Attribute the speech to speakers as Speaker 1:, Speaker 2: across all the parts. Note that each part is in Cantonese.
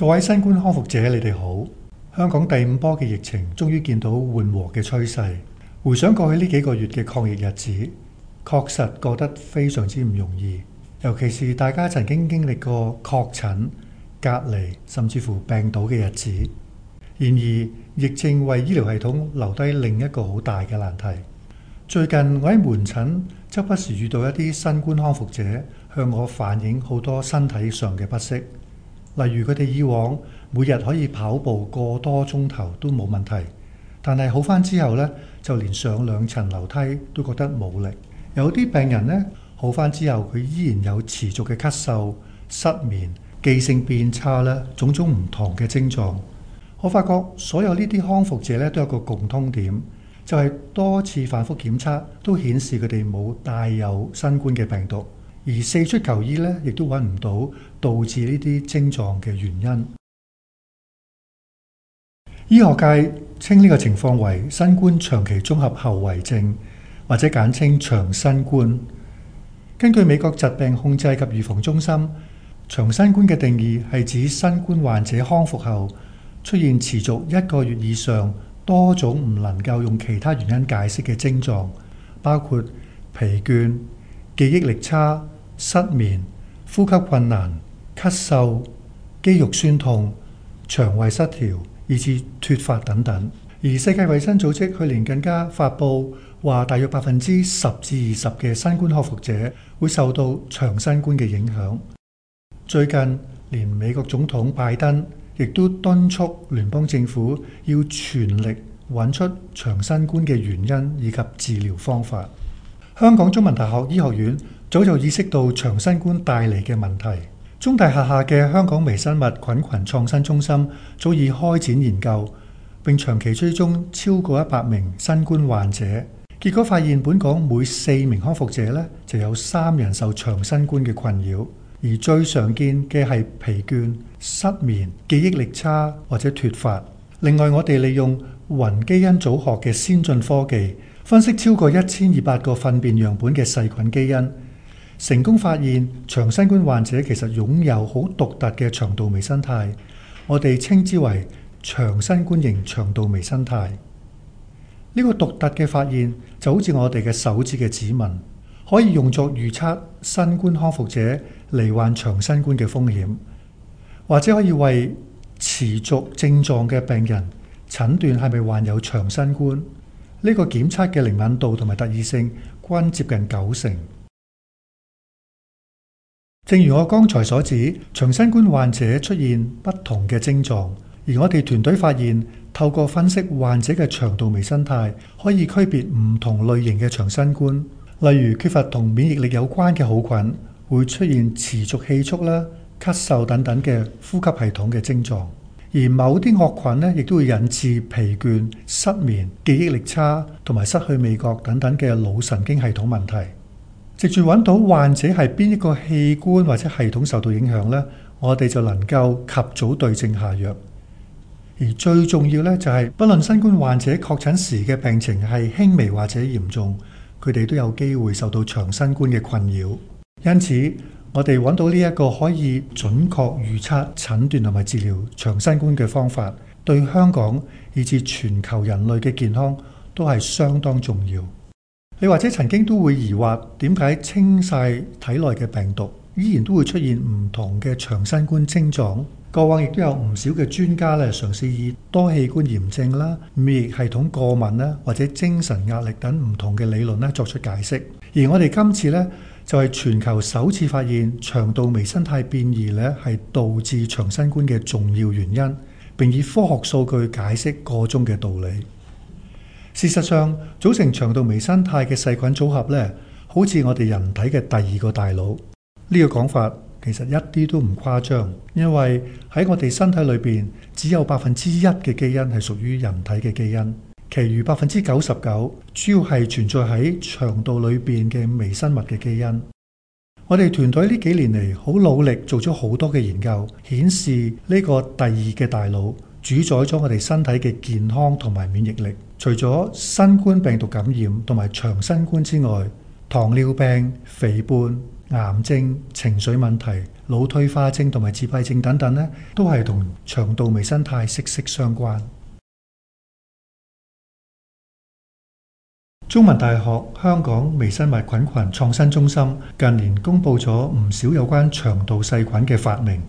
Speaker 1: 各位新冠康復者，你哋好！香港第五波嘅疫情終於見到緩和嘅趨勢。回想過去呢幾個月嘅抗疫日子，確實過得非常之唔容易。尤其是大家曾經經歷過確診、隔離，甚至乎病倒嘅日子。然而，疫症為醫療系統留低另一個好大嘅難題。最近我喺門診，則不時遇到一啲新冠康復者向我反映好多身體上嘅不適。例如佢哋以往每日可以跑步個多鐘頭都冇問題，但係好返之後呢，就連上兩層樓梯都覺得冇力。有啲病人呢，好返之後，佢依然有持續嘅咳嗽、失眠、記性變差啦，種種唔同嘅症狀。我發覺所有呢啲康復者呢，都有個共通點，就係多次反覆檢測都顯示佢哋冇帶有新冠嘅病毒。而四出求醫呢，亦都揾唔到導致呢啲症狀嘅原因。醫學界稱呢個情況為新冠長期綜合後遺症，或者簡稱長新冠。根據美國疾病控制及預防中心，長新冠嘅定義係指新冠患者康復後出現持續一個月以上多種唔能夠用其他原因解釋嘅症狀，包括疲倦、記憶力差、失眠、呼吸困難、咳嗽、肌肉酸痛、腸胃失調，以至脫髮等等。而世界衞生組織去年更加發布話，大約百分之十至二十嘅新冠康復者會受到長新冠嘅影響。最近，連美國總統拜登亦都敦促聯邦政府要全力揾出長新冠嘅原因以及治療方法。香港中文大學醫學院早就意識到長新冠帶嚟嘅問題。中大轄下嘅香港微生物菌群創新中心早已開展研究，並長期追蹤超過一百名新冠患者。結果發現，本港每四名康復者呢就有三人受長新冠嘅困擾，而最常見嘅係疲倦、失眠、記憶力差或者脫髮。另外，我哋利用雲基因組學嘅先進科技，分析超過一千二百個糞便樣本嘅細菌基因，成功發現長新冠患者其實擁有好獨特嘅腸道微生態，我哋稱之為長新冠型腸道微生態。呢、這個獨特嘅發現就好似我哋嘅手指嘅指紋，可以用作預測新冠康復者罹患長新冠嘅風險，或者可以為持續症狀嘅病人診斷係咪患有長新冠。呢個檢測嘅靈敏度同埋特異性均接近九成。正如我剛才所指，長新冠患者出現不同嘅症狀，而我哋團隊發現，透過分析患者嘅腸道微生態，可以區別唔同類型嘅長新冠。例如，缺乏同免疫力有關嘅好菌，會出現持續氣促啦、咳嗽等等嘅呼吸系統嘅症狀。而某啲惡菌呢，亦都會引致疲倦、失眠、記憶力差同埋失去味覺等等嘅腦神經系統問題。直住揾到患者係邊一個器官或者系統受到影響呢，我哋就能夠及早對症下藥。而最重要呢，就係、是、不論新冠患者確診時嘅病情係輕微或者嚴重，佢哋都有機會受到長新冠嘅困擾。因此，我哋揾到呢一個可以準確預測、診斷同埋治療長新冠嘅方法，對香港以至全球人類嘅健康都係相當重要。你或者曾經都會疑惑，點解清晒體內嘅病毒，依然都會出現唔同嘅長新冠症狀？過往亦都有唔少嘅專家咧，嘗試以多器官炎症啦、免疫系統過敏啦，或者精神壓力等唔同嘅理論咧作出解釋。而我哋今次呢，就係全球首次發現腸道微生態變異咧，係導致長新冠嘅重要原因。並以科學數據解釋個中嘅道理。事實上，組成腸道微生態嘅細菌組合咧，好似我哋人體嘅第二個大腦。呢個講法其實一啲都唔誇張，因為喺我哋身體裏邊，只有百分之一嘅基因係屬於人體嘅基因。其餘百分之九十九主要係存在喺腸道裏邊嘅微生物嘅基因。我哋團隊呢幾年嚟好努力做咗好多嘅研究，顯示呢個第二嘅大腦主宰咗我哋身體嘅健康同埋免疫力。除咗新冠病毒感染同埋長新冠之外，糖尿病、肥胖、癌症、情緒問題、腦退化症同埋自閉症等等呢都係同腸道微生態息息相關。中文大學香港微生物菌群創新中心近年公布咗唔少有關腸道細菌嘅發明，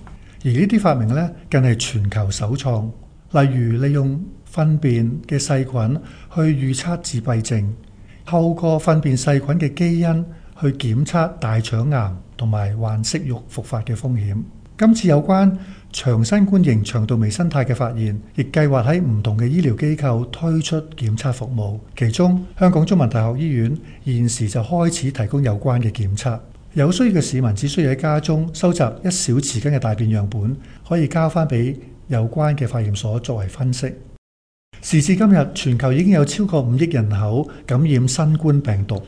Speaker 1: 而呢啲發明呢，更係全球首創。例如，利用糞便嘅細菌去預測自閉症，透過糞便細菌嘅基因去檢測大腸癌同埋患息肉復發嘅風險。今次有關長新冠型腸道微生態嘅發現，亦計劃喺唔同嘅醫療機構推出檢測服務。其中，香港中文大學醫院現時就開始提供有關嘅檢測。有需要嘅市民只需要喺家中收集一小匙羹嘅大便樣本，可以交翻俾有關嘅化驗所作為分析。時至今日，全球已經有超過五億人口感染新冠病毒，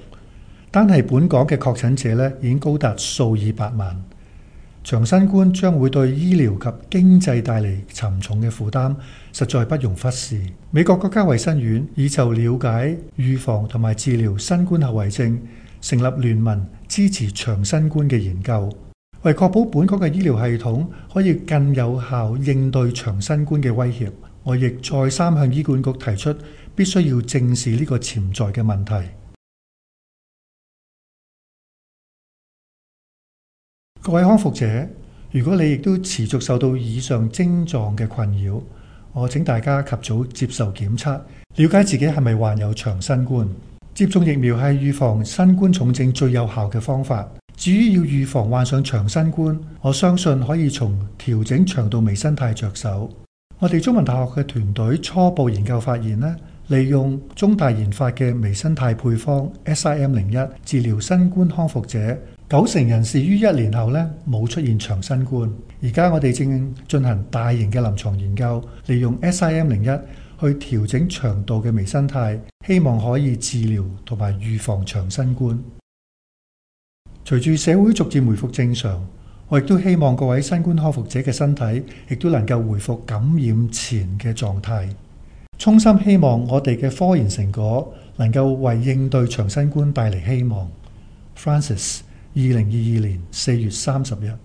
Speaker 1: 單係本港嘅確診者咧已經高達數以百萬。長新冠將會對醫療及經濟帶嚟沉重嘅負擔，實在不容忽視。美國國家衛生院已就了解、預防同埋治療新冠後遺症，成立聯盟支持長新冠嘅研究。為確保本港嘅醫療系統可以更有效應對長新冠嘅威脅，我亦再三向醫管局提出，必須要正視呢個潛在嘅問題。各位康復者，如果你亦都持續受到以上症狀嘅困擾，我請大家及早接受檢測，了解自己係咪患有長新冠。接種疫苗係預防新冠重症最有效嘅方法。至於要預防患上長新冠，我相信可以從調整腸道微生態着手。我哋中文大學嘅團隊初步研究發現呢，利用中大研發嘅微生態配方 SIM 零一治療新冠康復者。九成人士於一年後呢，冇出現長新冠。而家我哋正進行大型嘅臨床研究，利用 SIM01 去調整腸道嘅微生態，希望可以治療同埋預防長新冠。隨住社會逐漸回復正常，我亦都希望各位新冠康復者嘅身體亦都能夠回復感染前嘅狀態。衷心希望我哋嘅科研成果能夠為應對長新冠帶嚟希望，Francis。二零二二年四月三十日。